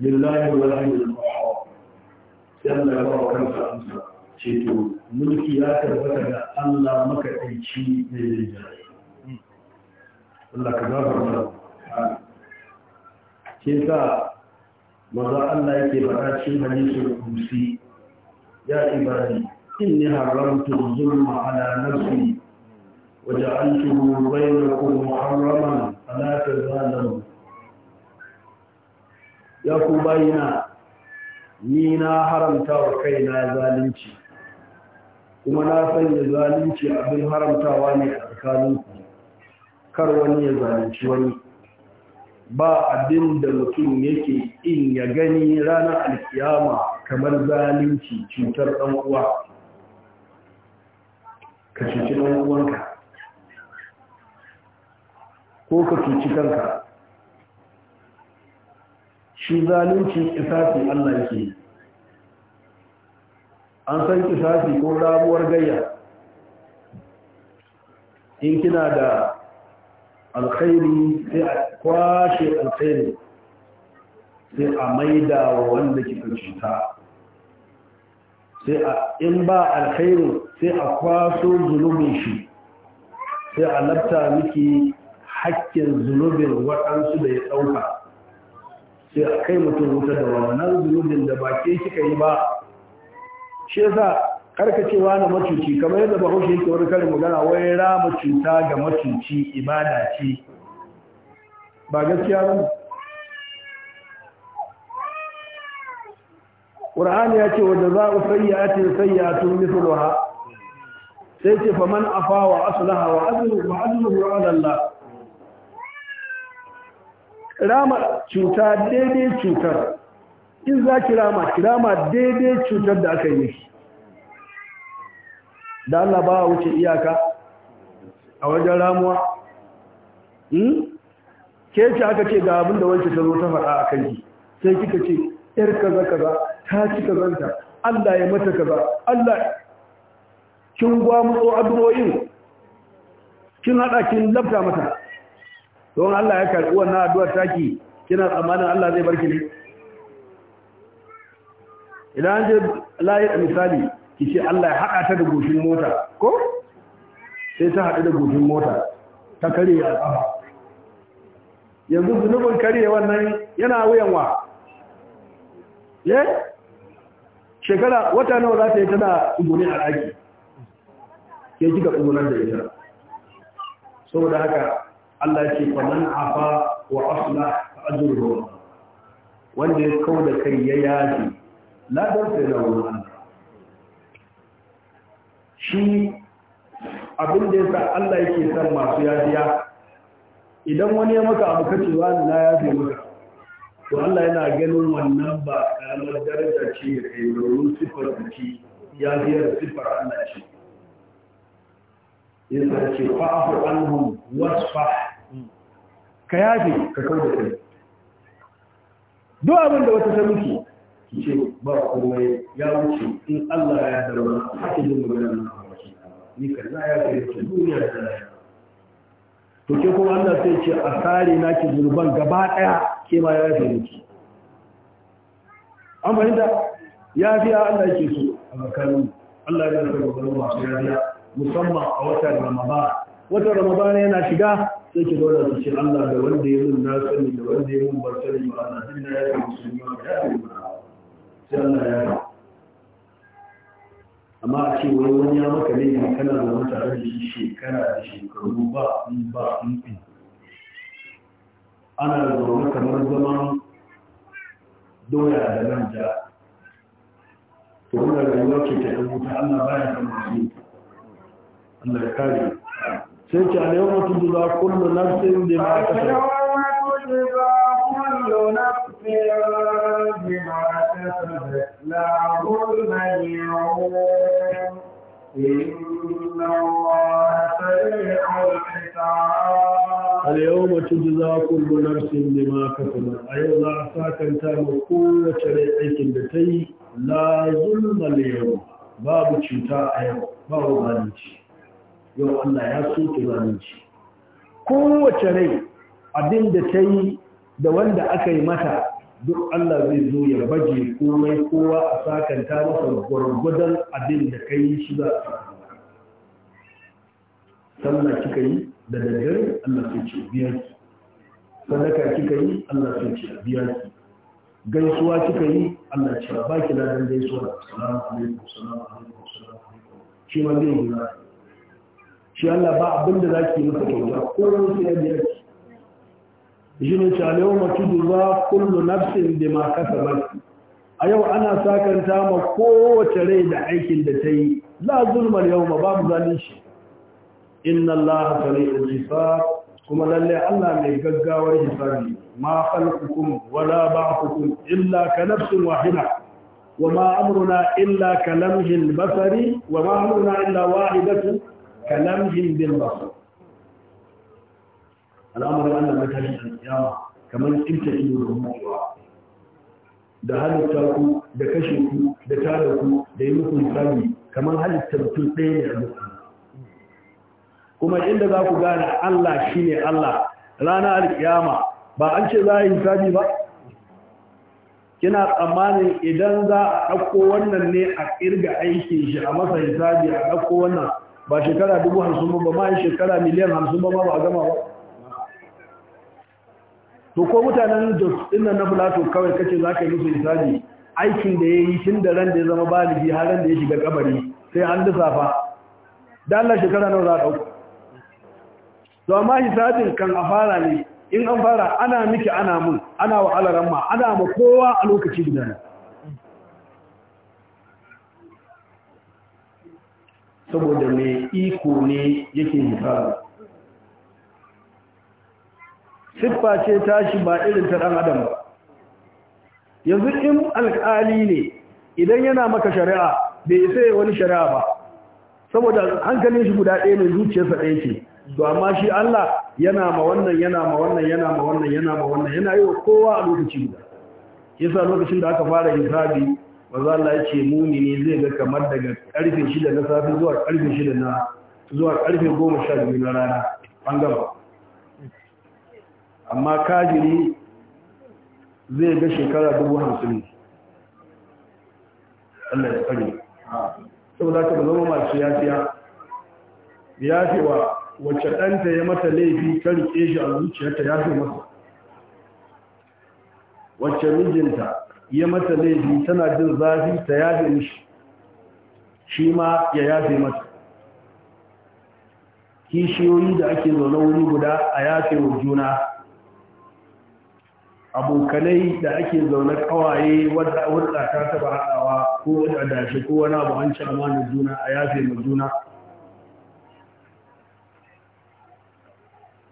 lillahi wa lahil yalla ya bawa kansa amsa ce to mulki ya tabbata da Allah maka ɗaici mai rijiyar Allah ka gafarta ke sa maza Allah yake faɗa cikin hadisul kursi ya ibadi inni haramtu zulma ala nafsi وجعلته بينكم محرما فلا تظالموا ya ku bayina ni na haramta wa kaina zalunci kuma na sanya zalunci abin haramtawa ne a tsakaninku kar wani ya zalunci wani ba abin da mutum yake in ya gani ranar alkiyama kamar zalunci cutar ɗan uwa ka cuci ɗan uwanka ko ka cuci kanka shi zalunci isafi Allah yake an san isafi ko rabuwar gayya in kina da alkhairi sai a kwashe alkhairi sai a maida wa wanda kika cuta sai a in ba alkhairu sai a kwaso zulumin shi sai a labta miki hakkin zunubin waɗansu da ya ɗauka sai a kai mutum wuta da wannan zunubin da bakin kika yi ba shi yasa cewa na macuci kamar yadda bahaushe yake wani karin magana wai rama cuta ga macuci ibada ce ba gaskiya ba Qur'ani ya ce wadda za a sayyatin sayyatun misluha sai ce faman afa aslaha wa azruhu ala Allah rama cuta daidai cutar in za ki rama ki rama daidai cutar da aka yi da Allah ba wuce iyaka a wajen ramuwa hmm? ke ce aka ce ga abinda da wancan ta zo ta faɗa a kanki sai kika ce yar kaza kaza ta ci kazanta Allah ya mata kaza Allah kin gwamutso addu'o'in kin hada kin labta mata don Allah ya karɓi wannan addu'ar taki kina tsammanin Allah zai barki ne idan an je layi misali ki ce Allah ya haɗa ta da goshin mota ko sai ta haɗu da goshin mota ta kare ya ƙafa yanzu zunubin kare wannan yana wuyan wa ye shekara wata nawa za ta yi tana tsuguni a ke kika tsugunar da ita saboda haka Allah ya ce faman afa wa asla ajruhu wanda ya da kai ya yaji dan sai na wannan shi abin da yasa Allah yake san masu yajiya idan wani ya maka abu kace wa na yaji maka to Allah yana ganin wannan ba karamar daraja ce da kai wurin sifar da ci yajiyar sifar Allah ce yasa ce fa'afu anhum wasfah ka yafe ka kawo da kai duk abin da wata ta ki ce ba komai ya wuce in Allah ya darba a cikin magana na hawaci ni ka na ya kai ta duniya da lafiya to ke kuma Allah sai ce a sare na zurban gaba daya ke ma ya yafe miki an fahimta ya fi Allah ke so a makarin Allah ya yarda da masu yariya musamman a watan Ramadan watan ne yana shiga sai ke dole ki ce Allah da wanda ya mun na sani da wanda ya mun bar sani ba Allah din da ya yi musulmi ba ya yi ba sai Allah ya yi amma a ce wani wani ya maka ne kana da wata tare da shi shekara da shekaru ba in ba in in ana zaune kamar zaman doya da nan ja to wannan rayuwa ce ta ɗan wuta Allah ya kama masu Allah ya kare sai ce ne yau tuntun za kullu na fiye da ma kasa a yau mace ji za ku gunar sin ne ma kasa ba a yau za a sakanta ma kowace rai aikin da ta yi na zulmalewa babu cuta a yau babu zalunci yau Allah ya soke zalunci kowace rai abin da ta yi da wanda aka yi mata duk Allah zai zo ya baje komai kowa a sakanta masa gwargwadon abin da ka yi shi za a sallah kika yi da daddare Allah sai ce biya ki sadaka kika yi Allah sai ce biya ki gaisuwa kika yi Allah ce ba ki dan gaisuwa assalamu alaikum assalamu alaikum assalamu alaikum shi ma zai yi shi Allah ba abinda da za ki yi masa kyauta ko wasu yadda ya ci shi ne calewa mace duba kullu nafsin da ma kasa ba a yau ana sakanta ma kowace rai da aikin da ta yi Za a zulmar yau ma babu shi. inna Allah sari'ul jifa. kuma lalle Allah mai gaggawar hisabi ma khalqukum wala ba'thukum illa ka nafsin wahida وما أمرنا إلا كلمه البصري وما أمرنا إلا واحدة kalamjin bil basar al'amarin Allah mai tashi da kiyama kamar tsinta da mutuwa da halitta da kashe da tada da yi muku misali kamar halitta mutum ɗaya ne a mutum kuma inda za ku gane Allah shi ne Allah rana alkiyama ba an ce za a yi hisabi ba kina tsammanin idan za a ɗauko wannan ne a ƙirga aikin shi a masa hisabi a ɗauko wannan ba shekara dubu hamsin ba ma shekara miliyan hamsin ba ma ba a gama ba to ko mutanen jos dinnan na filato kawai kace za ka yi musu hisabi aikin da ya yi tun da ran da ya zama baligi har ran da ya shiga kabari sai an lissafa da Allah shekara nawa za a dauko to amma hisabin kan a fara ne in an fara ana miki ana mun ana wa alaran ma ana ma kowa a lokaci guda saboda mai iko ne yake hisabi siffa ce tashi ba irin ta ɗan adam ba yanzu in alƙali ne idan yana maka shari'a bai isa wani shari'a ba saboda hankalin shi guda ɗaya ne zuciyarsa ɗaya ce to amma shi Allah yana ma wannan yana ma wannan yana ma wannan yana ma wannan yana yi wa kowa a lokaci guda yasa lokacin da aka fara hisabi maza Allah ya ce ne zai ga kamar daga karfe 6 na safe zuwa karfe 6 na zuwa karfe biyu na rana an gaba amma kajiri zai ga shekara 50 Allah ya tsare saboda ka zama masu yafiya yafewa wacce ɗanta ya mata laifi ta rike shi a zuciyarta yafe masa wacce mijinta ya mata laifi tana jin zafi ta yafe mishi shi ma ya yafe mata kishiyoyi da ake zaune wuri guda a yafe wa juna abokanai da ake zaune kawaye wadda ta taba haɗawa ko wadda shi ko wani abu an ci amanar juna a yafe ma juna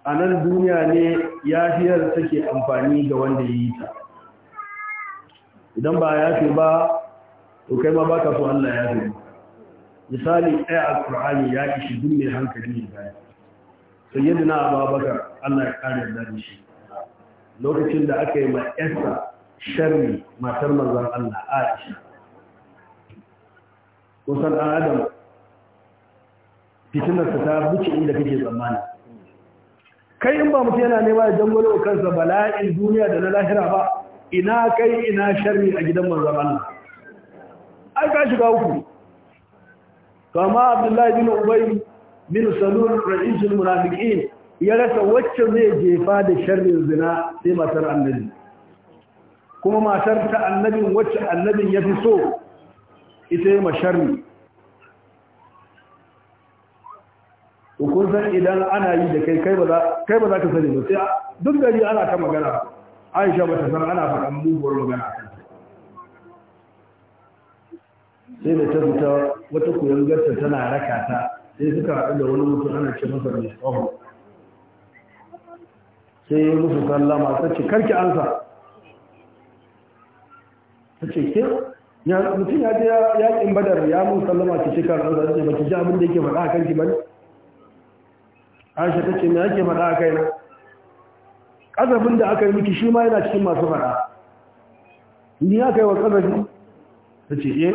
a nan duniya ne yafiyar take amfani ga wanda ya yi ta idan ba ya fi ba to kai ma baka so Allah ya fi misali ɗaya alqur'ani ya ishi duk mai hankali ne na sayyidina abubakar Allah ya kare da shi lokacin da aka yi ma Esther sharri matar manzon Allah Aisha ko san adam fitinarsa ta buci inda kake tsammani kai in ba mutum yana ba da jangolo kansa bala'in duniya da na lahira ba ina kai ina sharri a gidan manzon Allah ai ka shiga uku kama Abdullahi bin Ubay bin Salul ra'isul munafiqin ya rasa wacce zai jefa da sharrin zina sai matar annabi kuma matar ta annabi wacce annabin ya fi so ita ma sharri idan ana yi da kai kai ba za ka sani ba sai duk gari ana ta magana aisha ba ta san ana faɗan muguwar magana a kanta sai da ta fita wata koyon kuyangarta tana raka ta sai suka haɗu da wani mutum ana ce masa da tsohon sai ya musu sallama ta ce karki ansa ta ce ke mutum ya je yaƙin badar ya musu sallama ta ce kan ansa ce ba ki ji abin da yake faɗa a kanki ba ne aisha ta ce me yake faɗa a kai na? ƙazafin da aka yi miki shi ma yana cikin masu fara ni aka yi wa ƙazafi ta ce e.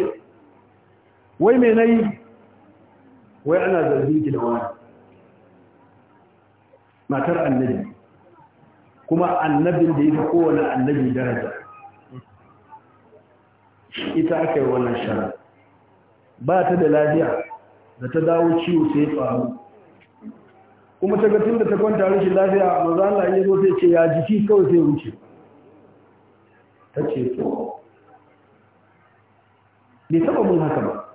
wai mai na wai ana zargin ki da wani matar annabi kuma annabin da ya kowane annabi daraja ita aka yi wannan shara ba ta da lafiya da ta dawo ciwo sai faru kuma ta gatun da ta kwanta rashin lafiya a Allah ya yi sai ce ya jiki kawai sai wuce ta ce to ne taba mun haka ba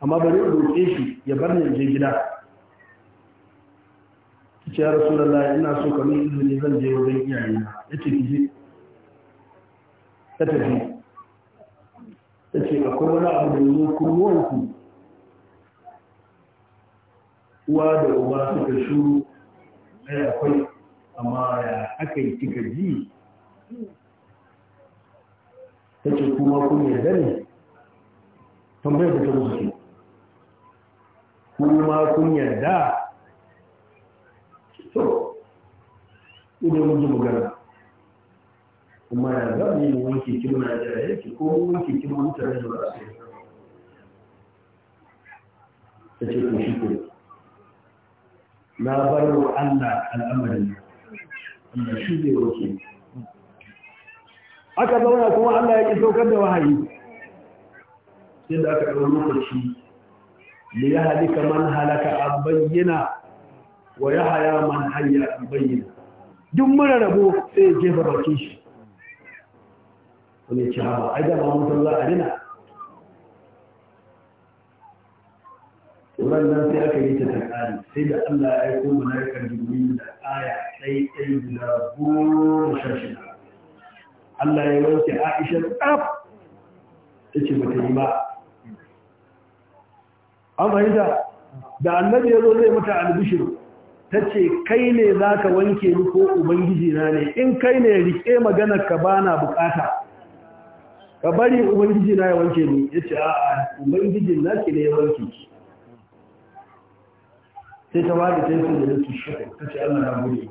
amma bari in roƙe shi ya bar ni je gida ta ce ya rasulullahi ina so kamar min izini zan je wajen na. ya ce ki je ta tafi ta ce akwai wani abu da yanzu kunnuwanku uwa da uba suka shuru na akwai amma ya aka yi kika ji ta ce kuma kun yarda ne tambayar da ta musu kuma kun yarda so idan mun ji magana kuma ya zaɓi mu wanke kin na da yake ko mu wanke kin mutane da ba ta ce shi na bar wa Allah al'amarin Allah shi ne wake aka zauna kuma Allah ya ki saukar da wahayi sai da aka ɗau lokaci li ya halika man halaka an bayyana wa ya haya man hanya an bayyana duk mara rabo sai ya jefa bakin shi wani ci ai da ma mutum za a dina wannan sai aka yi ta tsakani sai da Allah ya aiko kan jibril da aya sai sai da goma sha shida Allah ya wanke Aisha tsaf tace bata yi ba an fahimta da annabi ya zo zai mata albishir tace kai ne zaka wanke ni ko ubangiji na ne in kai ne rike maganar ka bana bukata ka bari ubangiji na ya wanke ni yace a'a ubangijin ke ne ya wanke ki sai ta bada ta yi su da su shi ta ce Allah na gode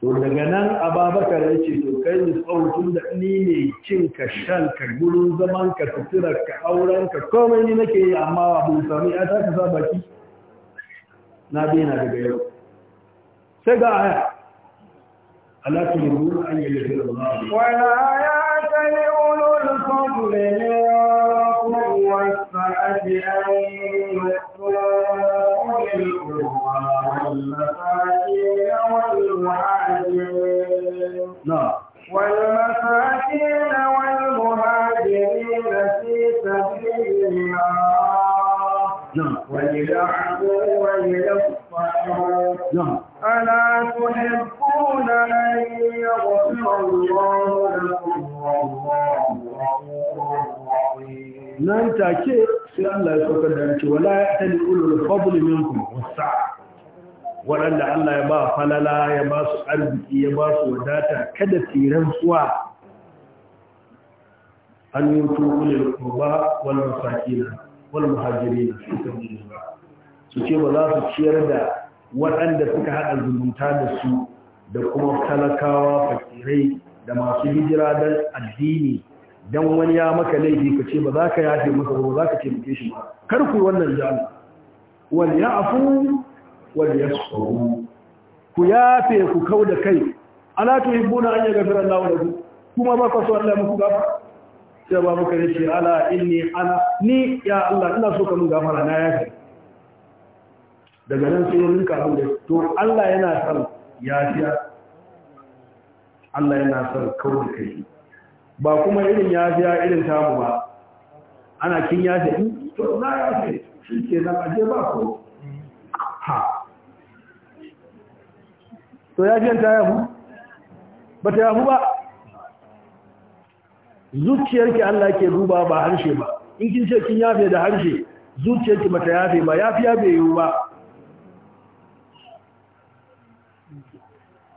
to daga nan ababakar ya ce to kai ni tun da ni ne cin ka shan ka gurin zaman ka sutura ka auren ka komai ni nake yi amma abu sami ya ta ka sa baki na daina daga yau sai ga aya an yi da ألا تريدون أن يغفر الله ولا يأتل أولو الفضل ya? أجل أن يؤتوا أولي القربى والمساكين والمهاجرين نعم. والمهاجرين في سبيل الله نعم. وليعفوا وليصفحوا نعم. ألا تحبون أن يغفر الله لكم والله غفور nan take sai Allah ya saukar da ce wala ya tali ulul fadl minkum wasa waɗanda Allah ya ba falala ya ba su arziki ya ba su wadata kada tiran suwa an yi ulul qurba wal masakin wal muhajirin fi sabilillah su ce ba za su ciyar da waɗanda suka haɗa zumunta da su da kuma talakawa fakirai da masu hijira don addini dan wani ya maka laifi ka ce ba za ka yafe masa ba za ka ce muke shi ba kar ku wannan jami wal ya'fu wal yasfu ku yafe ku kau da kai ala buna an yaghfira Allahu lakum kuma ba ka so Allah muku gafara sai ba muka ce ala inni ana ni ya Allah ina so ka mun gafara na yafe daga nan sai mun ka abin da to Allah yana son yafiya Allah yana son kau da kai ba kuma irin yafiya irin tamu ba ana kin ya in hmm, to na yafi shi ke nan aje ba ko ha to yafiyan ta yafu ba ta yafu ba zuciyarki Allah ke duba ba harshe ba in kin ce kin yafe da harshe zuciyarki mata ya yafe ba yafiya bai yiwu ba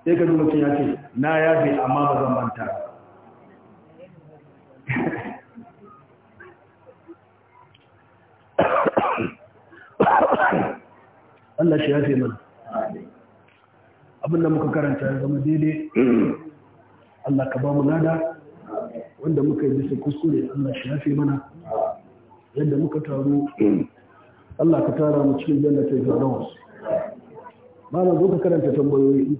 sai ka duba kin ce na yafe amma ba zan manta ba Allah shi ya fi mana abinda muka karanta ya zama daidai Allah ka ba mu lada wanda muka yi bisa kuskure Allah shi ya fi mana yadda muka taru Allah ka tara mu cikin jannatin ba malam zo ka karanta tambayoyi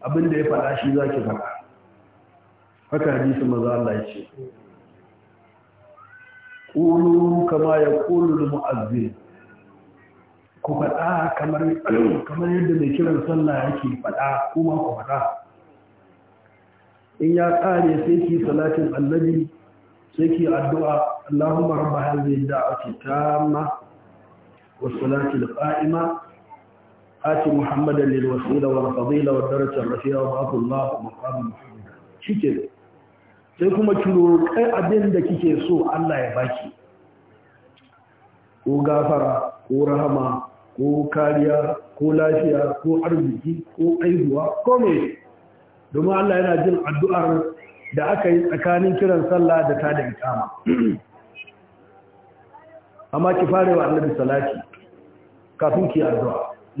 abin da ya faɗa shi za ki faɗa haka hadisi maza Allah ya ce ƙulu kama ya ƙulu ku faɗa kamar yadda mai kiran sallah yake faɗa kuma ku faɗa in ya ƙare sai ki salatin annabi sai ki addu'a Allahumma rabba hadhihi da'wati tamma wa salati al-qa'ima آت محمدا للوسيلة والفضيلة والدرجة الرفيعة وآت الله مقام محمدا شكرا sai kuma ki roƙi abin da kike so Allah ya baki ko gafara ko rahama ko kariya ko lafiya ko arziki ko aihuwa ko me domin Allah yana jin addu'ar da aka yi tsakanin kiran sallah da ta da ikama amma ki fara wa annabi salati kafin ki addu'a wannan da da da ya yi wanda da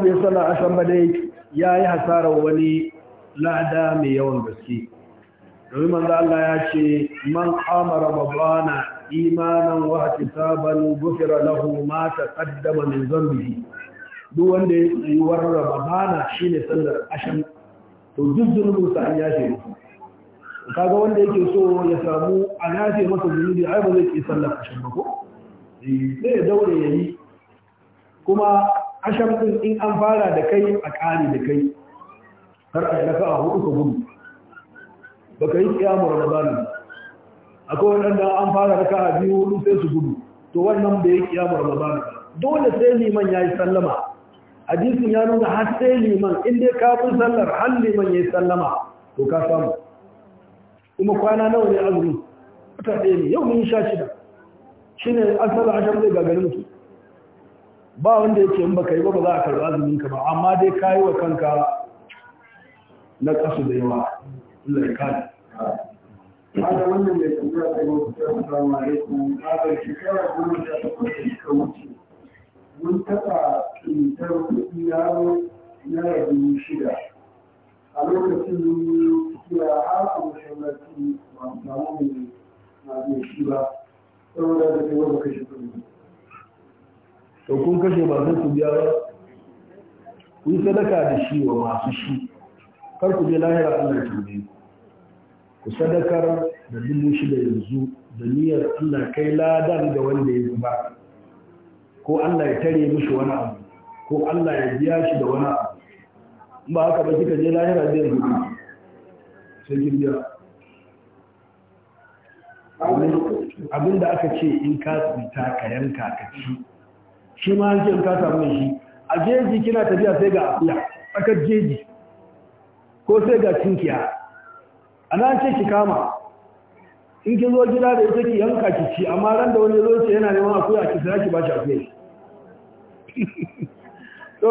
bai sana ashen ya yi hasarar wani lada mai yawan gaske domin manzo Allah ya ce man amara babana imanan wa hisaban gufira lahu ma taqaddama min zambihi duk wanda ya tsayuwar ramadana shine sallar ashan to duk zunubinsa an yashe musu kaga wanda yake so ya samu a yafe masa zunubi ai ba zai ke sallar ashan ba ko eh, sai ya daure yayi kuma ashan din in an fara da kai a kare da kai har a raka a hudu ka gudu baka yi kiyamu ramadana akwai wadanda an fara raka a biyu hudu sai su gudu to wannan bai yi kiyamu ramadana dole sai liman yayi sallama hadisin ya nuna har sai liman in dai kafin sallar har liman ya yi sallama to ka samu kuma kwana nawa ne azumi wata ɗaya ne yau mun sha shida shi ne an sallar ashar zai gagari mutu ba wanda ya ce in baka yi ba ba za a karɓi azumin ka ba amma dai ka yi wa kanka na ƙasu da yawa Allah ya kare. Ana wannan ne tambaya ta yau, Assalamu alaikum, a ga shekara goma ta. in ya haku shawarci ba samu mai shi ba saboda da kai wanda kashe kuɗi to kun kashe ba sai ku biya ba ku yi sadaka da shi wa masu shi kar ku je lahira Allah ya tambaye ku ku sadakar da dubu shida yanzu da niyyar Allah kai ladan da wanda ya zuba ko Allah ya tare mishi wani abu ko Allah ya biya shi da wani abu ba haka ba kika je lahira zai rubu sai kin biya abin da aka ce in ka tsita ka yanka ka ci shi ma an ce in ka samu mai shi a jeji kina tafiya sai ga afiya tsakar jeji ko sai ga cinkiya a nan ce ki kama in ki zo gida da ita ki yanka ki ci amma ran da wani zo ce yana neman akuya ki sai ki ba shi afiya to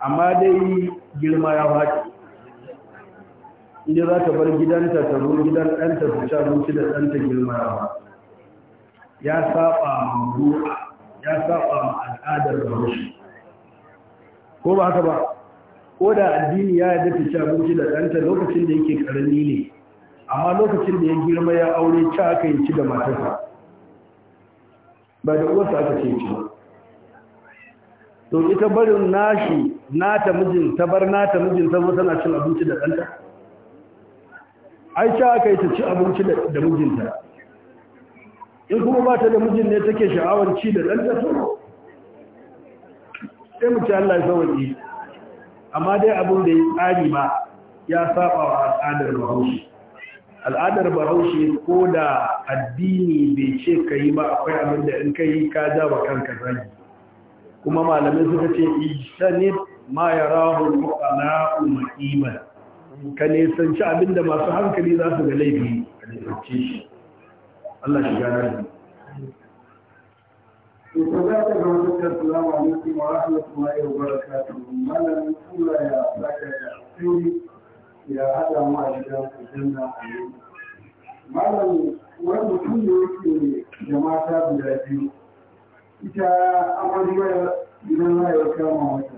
amma dai girma ya faɗi inda za ta bar gidanta ta zo gidan ɗanta su ci abinci da ɗanta girma ya ya saba ruwa ya saba ma al'adar bahaushe ko ba haka ba ko da addini ya yarda ta ci da ɗanta lokacin da yake ƙarami ne amma lokacin da ya girma ya aure ci aka yi ci da matarsa ba da uwarsa aka ce ci ba to ita barin nashi nata mijin ta bar nata mijin ta zo tana cin abinci da ɗanta aisha ta kai ta ci abinci da mijinta in kuma ba ta da mijin ne take sha'awar ci da ɗanta to sai mu ci Allah ya sauwaƙi amma dai abin da ya tsari ba ya saba wa al'adar bahaushe al'adar bahaushe ko da addini bai ce ka yi ba akwai abin da in ka yi ka ja wa kanka zagi kuma malamai suka ce isanit ma ya rahul mu'ana umakiman ka nisanci abinda masu hankali za su ga laifi ka nisanci shi Allah shi gane da Sosai da rubutun salamu alaikum wa rahmatullahi wa barakatuhu malam tura ya saka da sai ya hada mu a gidan aljanna a yau. Malam wani mutum ne yake da mata guda biyu ita amarya idan ya kama mata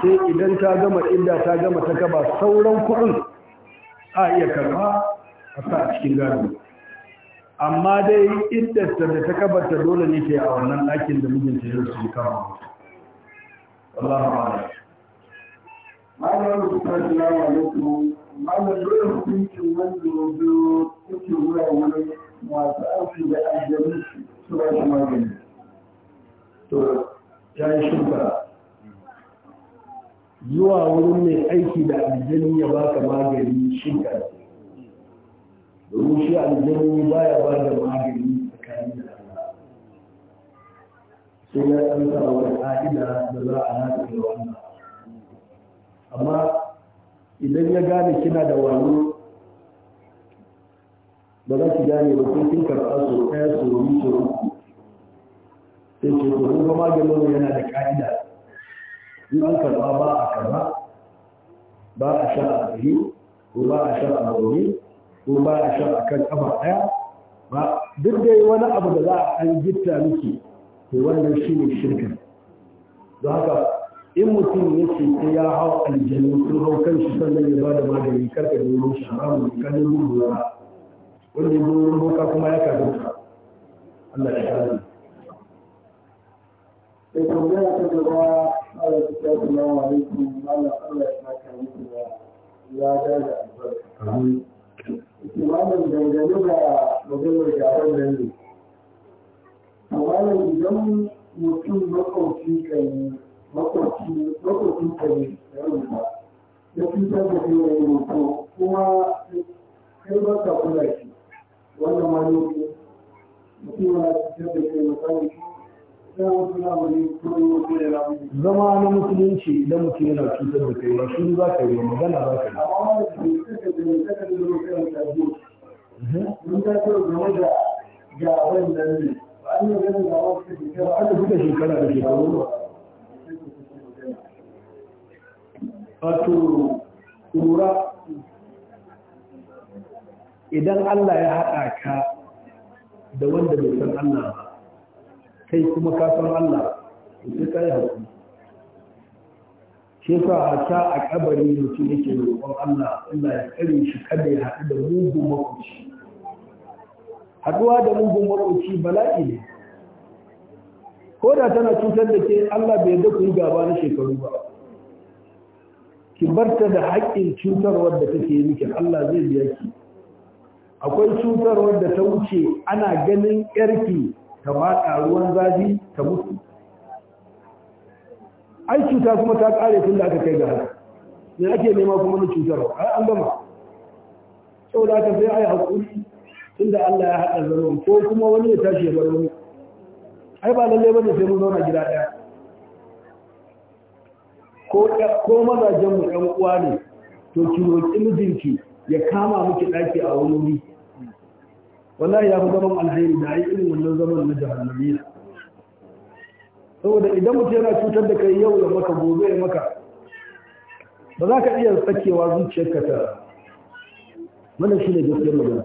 sai idan ta gama inda ta gama ta gaba sauran kuɗin a iya karba a sa a cikin gado amma dai iddarta da ta kabarta dole ne ke a wannan ɗakin da mijinta ya su kama Allah ma'ana da wanda ya zo kuke masu aiki da su ba shi magani to ya yi shuka. zuwa wurin mai aiki da aljani ya baka magani shi ka domin shi aljani baya ba da magani tsakanin da Allah sai ya an sa wani ka'ida da za a hada da wannan amma idan ya gane kina da wani ba za ki gane ba kun kin karɓa so ɗaya so biyu so uku sai ce to kun maganin yana da ka'ida in karba ba a karba ba a sha a ɗari ko ba a sha a rauni ko ba a sha a kan ƙafa ɗaya ba duk dai wani abu da za a an gitta miki to wannan shi ne shirka don haka in mutum ya ce ta ya hau aljanu sun hau kan shi sannan ya ba da magani karka domin shi haramun da kanin gudu ba wanda ya domin boka kuma ya kafin ka Allah ya kare. Sai kuma ya ta gaba Assalamu alaikum, Allah Allah ya saka muku da albarka. Imanin dangane ga maganar gaban nan idan mutum makwauci kan makwauci kan ya da kai kuma kula shi. Wannan ne da zama na musulunci da mutum yana cutar da kai ba za ka yi magana za ka yi shekara da shekaru wato kura idan Allah ya haɗa ka da wanda bai san Allah ba kai kuma ka san Allah sai ka yi hakuri shi sa ta a kabari mutum yake roƙon Allah Allah ya kare shi kada ya haɗu da mugu makoci haɗuwa da mugun makoci bala'i ne ko da tana cutar da ke Allah bai yadda ku yi gaba na shekaru ba ki barta da haƙƙin cutarwar da take miki Allah zai biya ki akwai cutarwar da ta wuce ana ganin yarki ta matsa ruwan zafi ta mutu ai cuta kuma ta kare tun da aka kai ga haka ne ake nema kuma na cutar ai an gama da haka sai ai hakuri inda Allah ya haɗa zaron ko kuma wani ya tashi ya bar wani ai ba lalle bane sai mun zauna gida ɗaya ko ko mazajen mu ɗan uwa ne to ki roƙi mijinki ya kama miki ɗaki a wani wuri wallahi ya fi zaman alhairi da ayi irin wannan zaman na jahannamiya saboda idan mutum yana cutar da kai yau ya maka gobe da maka ba za ka iya sakewa zuciyarka ta mana shi ne gaske magana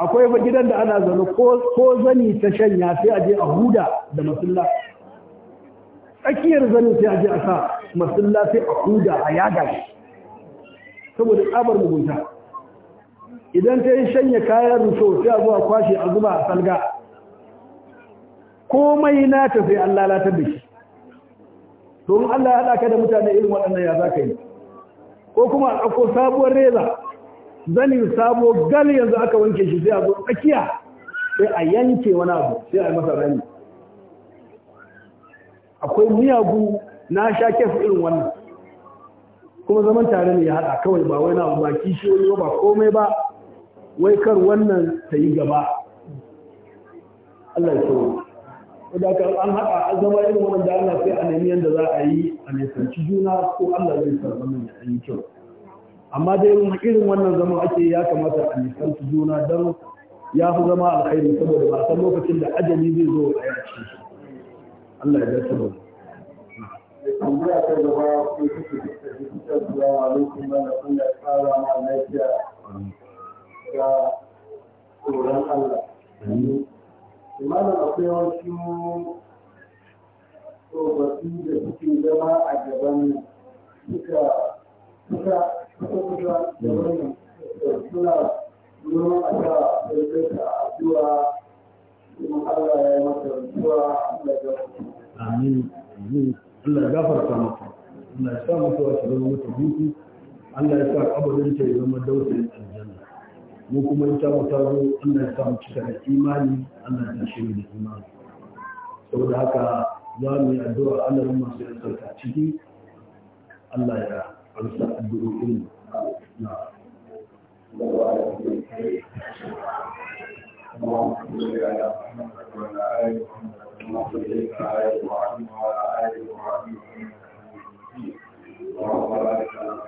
akwai ba gidan da ana zano ko zani ta shanya sai a je a huda da masulla tsakiyar zani sai a je a sa masulla sai a huda a yada shi saboda tsabar mugunta idan ta yi shanya kayan ruso sai a zuwa kwashe a zuba a salga komai na ta sai an lalatar da shi domin Allah ya haɗa ka da mutane irin waɗannan ya za ka yi ko kuma a ko sabuwar reza zanin sabo gal yanzu aka wanke shi sai a zo tsakiya sai a yanke wani abu sai a yi masa rani akwai miyagu na sha kef irin wannan kuma zaman tare ne ya haɗa kawai ba wai na ba kishiyoyi ba komai ba wai kar wannan ta yi gaba Allah ya tsoro da ka an haɗa azama irin wannan da Allah sai a nemi yadda za a yi a nisanci juna ko Allah zai sa da ya yi kyau amma dai irin wannan zama ake ya kamata a nisanci juna don ya fi zama alkhairi saboda ba san lokacin da ajali zai zo a yace shi Allah ya dace da tambaya ta gaba ko ga tsoron Allah. Imanin akwai wasu tsofaffi da suke zama a gaban suka suka suka kusa da wannan suna nuna a sa sarkarta a kuma Allah ya yi masa Allah ya Amin. Allah ya gafarta Allah ya sa Allah ya sa kabarin ta ya zama dausayin mu kuma in ta mutar Allah ya samu cika da imani Allah ya shi da imani saboda haka za mu yi addu'a Allah ya masu yin sarka ciki Allah ya amsa addu'o'in na اللهم صل على محمد وعلى ال محمد كما صليت على وعلى ال ابراهيم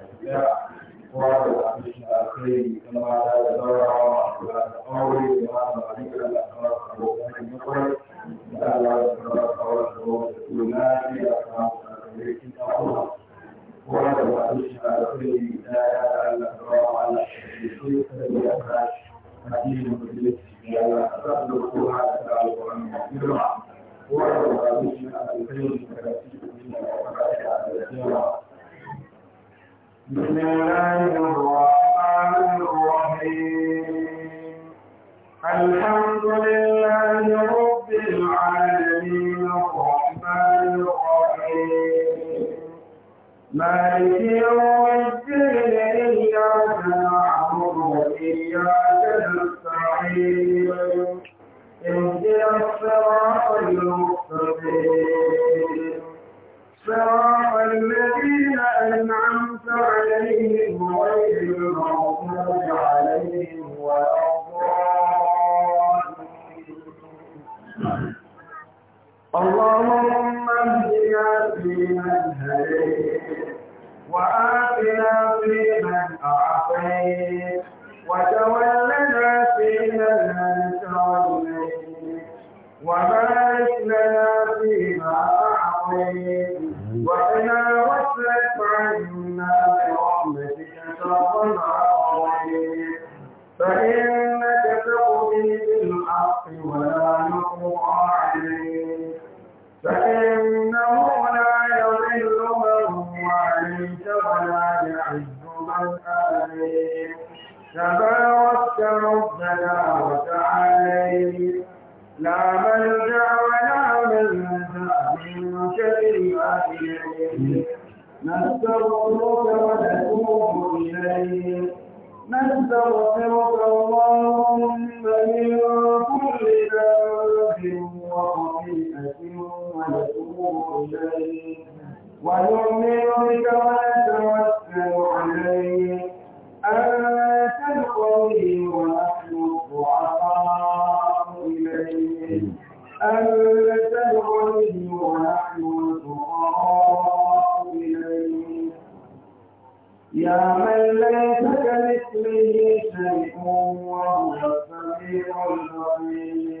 Yeah. يتوب إليه ويؤمن بك ويتوكل عليه أنت القوي ونحن الضعفاء إليه أنت الغني ونحن الفقراء إليه يا من ليس كمثله شيء وهو السميع البصير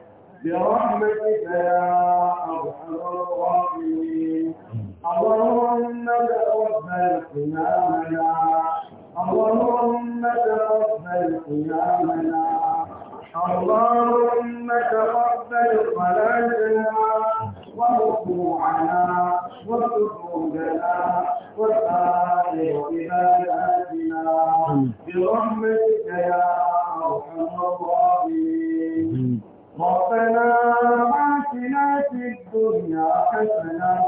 برحمتك يا أرحم الراحمين اللهم تقبل قيامنا اللهم تقبل قيامنا اللهم تقبل صلاتنا وركوعنا وسجودنا وسائر عباداتنا برحمتك يا ارحم الراحمين ربنا آتنا في الدنيا حسنة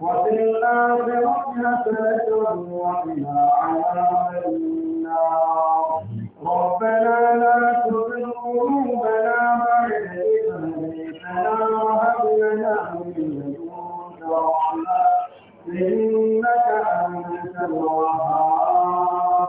وفي الآخرة حسنة وقنا عذاب النار ربنا لا تزغ قلوبنا بعد إذ هديتنا وهب لنا من لدنك رحمة إنك أنت الوهاب